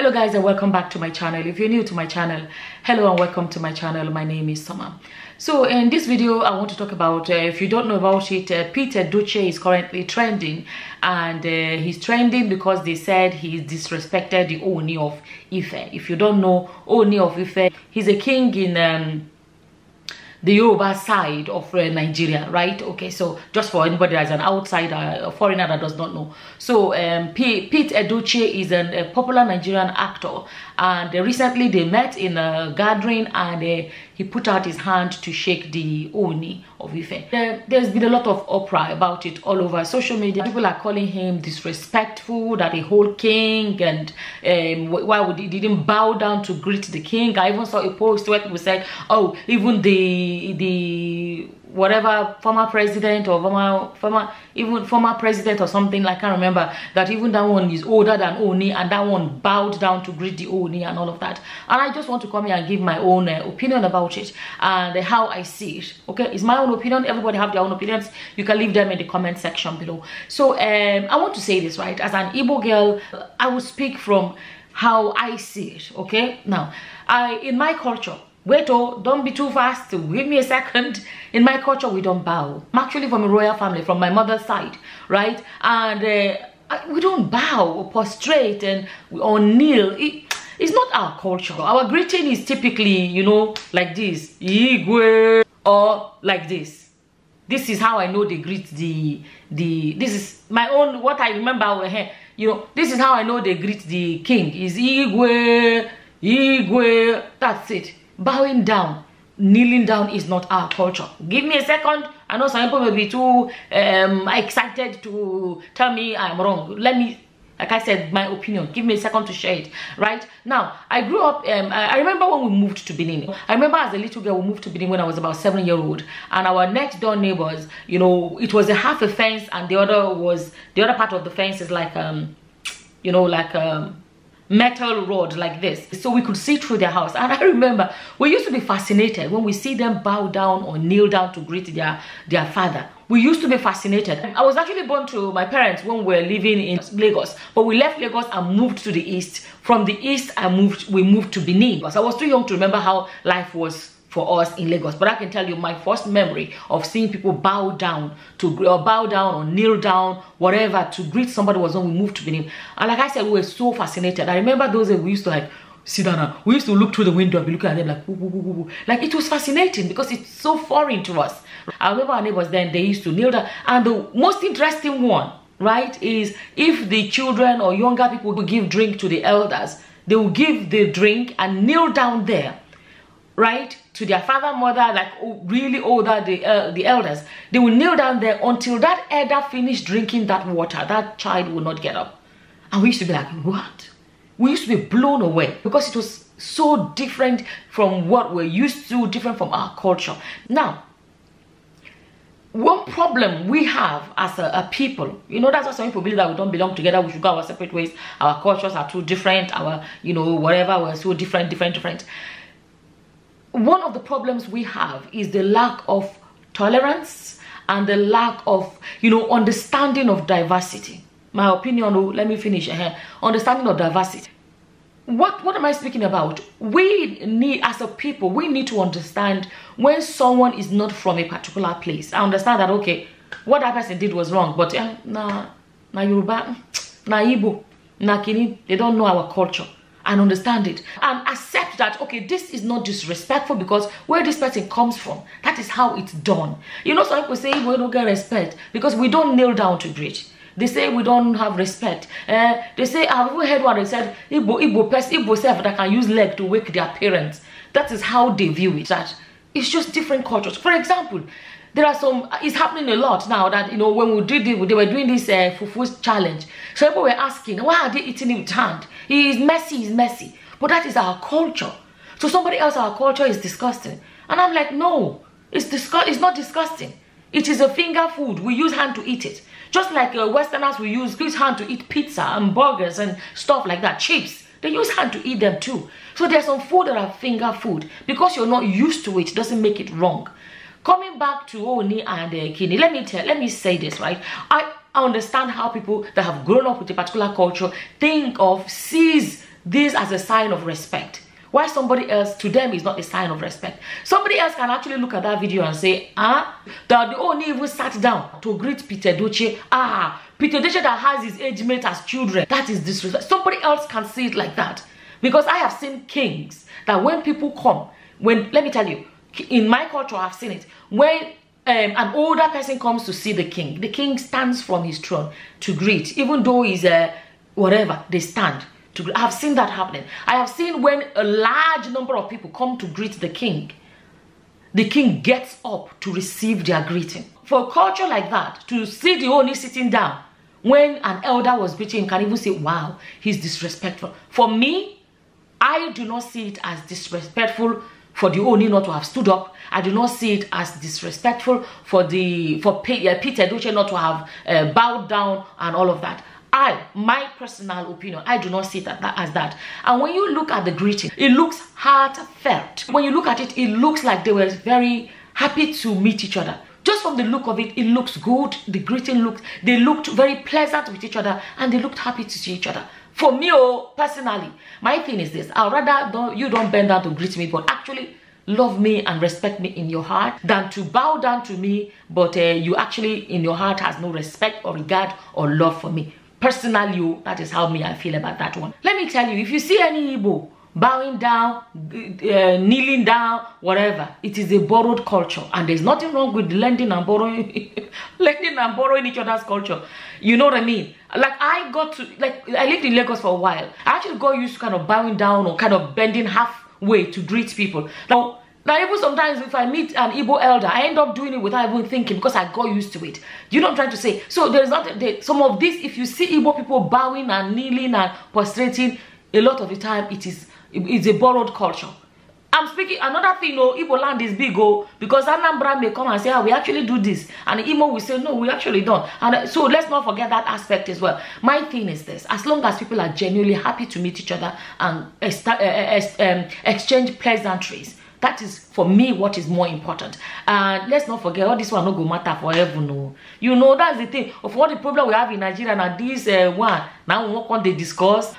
hello guys and welcome back to my channel if you're new to my channel hello and welcome to my channel my name is summer so in this video i want to talk about uh, if you don't know about it uh, peter duce is currently trending and uh, he's trending because they said he disrespected the oni of ife if you don't know oni of ife he's a king in um, the Yoruba side of uh, Nigeria, right? Okay, so just for anybody that's an outsider, a foreigner that does not know. So um, Pete Edochie is an, a popular Nigerian actor and uh, recently they met in a gathering and uh, he put out his hand to shake the Oni of Ife. There, has been a lot of uproar about it all over social media. People are calling him disrespectful, that he whole king, and um, why would he didn't bow down to greet the king? I even saw a post where people said, "Oh, even the the whatever former president or former former even former president or something like I can't remember that even that one is older than Oni and that one bowed down to greet the Oni and all of that and I just want to come here and give my own uh, opinion about it and uh, how I see it okay it's my own opinion everybody have their own opinions you can leave them in the comment section below so um, I want to say this right as an Igbo girl I will speak from how I see it okay now I in my culture Wait, oh, don't be too fast. Give me a second. In my culture, we don't bow. I'm actually from a royal family, from my mother's side, right? And uh, we don't bow or prostrate and or kneel. It, it's not our culture. Our greeting is typically, you know, like this, Igwe, or like this. This is how I know they greet the, the, this is my own, what I remember over uh, eh, here. You know, this is how I know they greet the king, is Igwe, Igwe, that's it bowing down kneeling down is not our culture give me a second i know some people may be too um, excited to tell me i'm wrong let me like i said my opinion give me a second to share it right now i grew up um, i remember when we moved to benin i remember as a little girl we moved to benin when i was about seven year old and our next door neighbors you know it was a half a fence and the other was the other part of the fence is like um you know like um metal rod like this so we could see through their house and i remember we used to be fascinated when we see them bow down or kneel down to greet their their father we used to be fascinated i was actually born to my parents when we were living in lagos but we left lagos and moved to the east from the east i moved we moved to benin because i was too young to remember how life was for us in Lagos. But I can tell you my first memory of seeing people bow down to or bow down or kneel down, whatever, to greet somebody was when we moved to Benin. And like I said, we were so fascinated. I remember those days we used to like sit down. we used to look through the window and be looking at them like woo, woo, woo, like it was fascinating because it's so foreign to us. I remember our neighbors then they used to kneel down, and the most interesting one, right, is if the children or younger people give drink to the elders, they will give the drink and kneel down there right, to their father, mother, like oh, really older, the, uh, the elders, they will kneel down there until that elder finished drinking that water. That child will not get up. And we used to be like, what? We used to be blown away because it was so different from what we're used to, different from our culture. Now, one problem we have as a, a, people, you know, that's why some people believe that we don't belong together, we should go our separate ways, our cultures are too different, our, you know, whatever, we're so different, different, different one of the problems we have is the lack of tolerance and the lack of you know understanding of diversity my opinion oh, let me finish uh, understanding of diversity what what am i speaking about we need as a people we need to understand when someone is not from a particular place i understand that okay what that person did was wrong but uh, na na yoruba na Ibo, na kini they don't know our culture and understand it and accept that okay this is not disrespectful because where this person comes from that is how it's done you know some people say we don't get respect because we don't kneel down to greet they say we don't have respect uh, they say i've even heard one they said igbo igbo person igbo self that can use leg to wake their parents that is how they view it that it's just different cultures for example there are some it's happening a lot now that you know when we did it they were doing this uh, fufu challenge so people were asking why are they eating it with hand is messy he's messy but that is our culture so somebody else our culture is disgusting and i'm like no it's disgust it's not disgusting it is a finger food we use hand to eat it just like uh, westerners we use use hand to eat pizza and burgers and stuff like that chips they use hand to eat them too so there's some food that are finger food because you're not used to it doesn't make it wrong coming back to Oni and uh, Kini, let me tell, let me say this, right? I understand how people that have grown up with a particular culture think of, sees this as a sign of respect. Why somebody else to them is not a sign of respect. Somebody else can actually look at that video and say, ah, that the Oni even sat down to greet Peter Doce. Ah, Peter Doce that has his age mate as children. That is disrespect. Somebody else can see it like that. Because I have seen kings that when people come, when let me tell you, in my culture i've seen it when um, an older person comes to see the king the king stands from his throne to greet even though he's a whatever they stand to i've seen that happening i have seen when a large number of people come to greet the king the king gets up to receive their greeting for a culture like that to see the only sitting down when an elder was preaching can even say wow he's disrespectful for me i do not see it as disrespectful for the Oni not to have stood up. I do not see it as disrespectful for the for uh, Peter Duce not to have uh, bowed down and all of that. I, my personal opinion, I do not see that, that as that. And when you look at the greeting, it looks heartfelt. When you look at it, it looks like they were very happy to meet each other just from the look of it it looks good the greeting looked they looked very pleasant with each other and they looked happy to see each other for me, oh, personally, my thing is this. I'd rather don't, you don't bend down to greet me, but actually love me and respect me in your heart than to bow down to me, but uh, you actually in your heart has no respect or regard or love for me. Personally, oh, that is how me I feel about that one. Let me tell you, if you see any Igbo bowing down, uh, kneeling down, whatever. It is a borrowed culture. And there's nothing wrong with lending and borrowing, lending and borrowing each other's culture. You know what I mean? Like I got to, like I lived in Lagos for a while. I actually got used to kind of bowing down or kind of bending halfway to greet people. Now, now even sometimes if I meet an Igbo elder, I end up doing it without even thinking because I got used to it. You know what I'm trying to say? So there's not, there, some of this, if you see Igbo people bowing and kneeling and prostrating, a lot of the time it is it's a borrowed culture i'm speaking another thing oh igbo land is big oh because anambra may come and say ah we actually do this and imo will say no we actually don't and uh, so let's not forget that aspect as well my thing is this as long as people are genuinely happy to meet each other and uh, uh, um, exchange pleasantries that is for me what is more important and uh, let's not forget all this one no go matter forever no you know that's the thing of all the problem we have in nigeria now this uh, one now we wan on the discourse.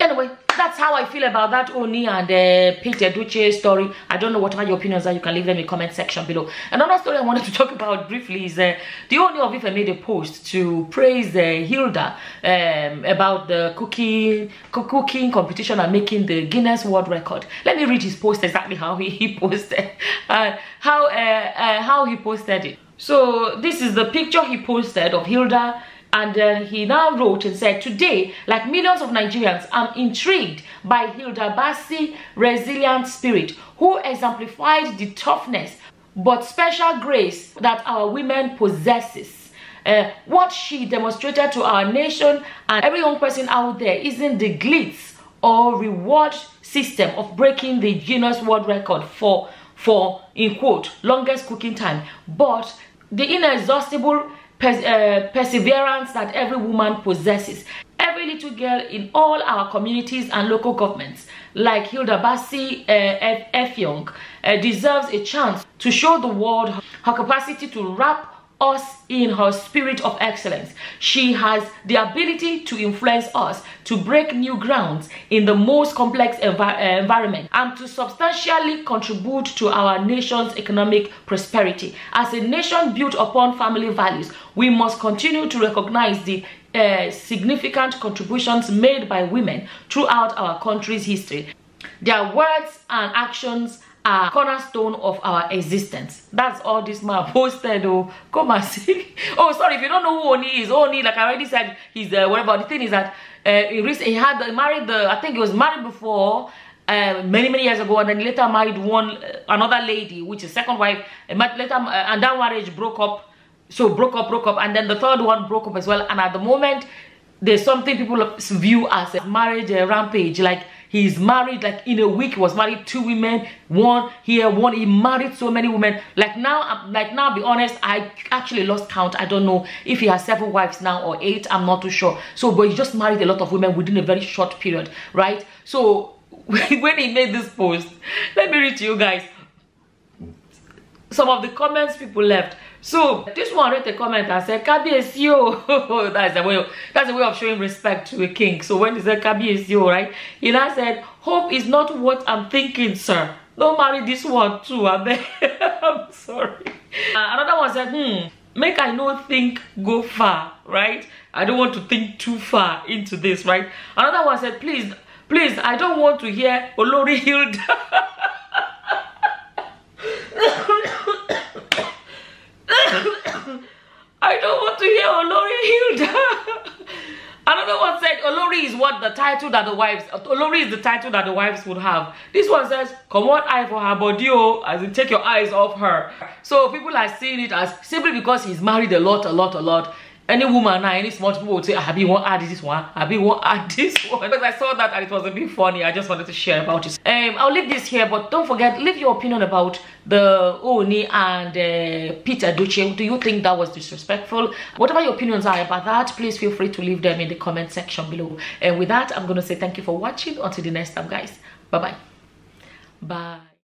anyway that's how I feel about that Oni and uh, Peter Duce story. I don't know what are your opinions are. You can leave them in the comment section below. Another story I wanted to talk about briefly is uh, the Oni of if I made a post to praise uh, Hilda um, about the cooking, cooking competition and making the Guinness World Record. Let me read his post exactly how he, he posted, uh, how, uh, uh, how he posted it. So this is the picture he posted of Hilda and then he now wrote and said, Today, like millions of Nigerians, I'm intrigued by Hilda Bassi's resilient spirit, who exemplified the toughness but special grace that our women possesses. Uh, what she demonstrated to our nation and every young person out there isn't the glitz or reward system of breaking the Guinness World Record for, for in quote, longest cooking time, but the inexhaustible pers uh, perseverance that every woman possesses. Every little girl in all our communities and local governments, like Hilda Bassi uh, Efyong, uh, deserves a chance to show the world her capacity to rap us in her spirit of excellence. She has the ability to influence us to break new grounds in the most complex envi uh, environment and to substantially contribute to our nation's economic prosperity. As a nation built upon family values, we must continue to recognize the uh, significant contributions made by women throughout our country's history. Their words and actions are cornerstone of our existence. That's all this man posted. Oh, come and see. oh, sorry, if you don't know who Oni is, Oni, like I already said, he's uh, whatever. The thing is that uh, he, recently, he had uh, married the, I think he was married before, uh, many many years ago and then later married one uh, another lady which is second wife and later uh, and that marriage broke up so broke up broke up and then the third one broke up as well and at the moment there's something people view as a marriage rampage like He's married like in a week. He was married two women, one here, one. He married so many women. Like now, like now, be honest, I actually lost count. I don't know if he has seven wives now or eight. I'm not too sure. So, but he just married a lot of women within a very short period, right? So when he made this post, let me read to you guys some of the comments people left so this one read a comment and said, Kabiesio. that's the way that's a way of showing respect to a king. So when he said Kabiesio, right? He now said, Hope is not what I'm thinking, sir. Don't marry this one too. I I'm sorry. Uh, another one said, hmm, make I not think go far, right? I don't want to think too far into this, right? Another one said, please, please, I don't want to hear Olori Hilda. out the title that the wives, Olori is the title that the wives would have. This one says, come on eye for her body, oh, as in take your eyes off her. So people are seeing it as simply because he's married a lot, a lot, a lot. any woman now, any smart people would say, I you won't add this one, I you won't add this one. Because I saw that and it was a bit funny. I just wanted to share about it. Um, I'll leave this here, but don't forget, leave your opinion about the Oni and uh, Peter Duce. Do you think that was disrespectful? Whatever your opinions are about that, please feel free to leave them in the comment section below. And with that, I'm going to say thank you for watching. Until the next time, guys. Bye-bye. Bye. -bye. Bye.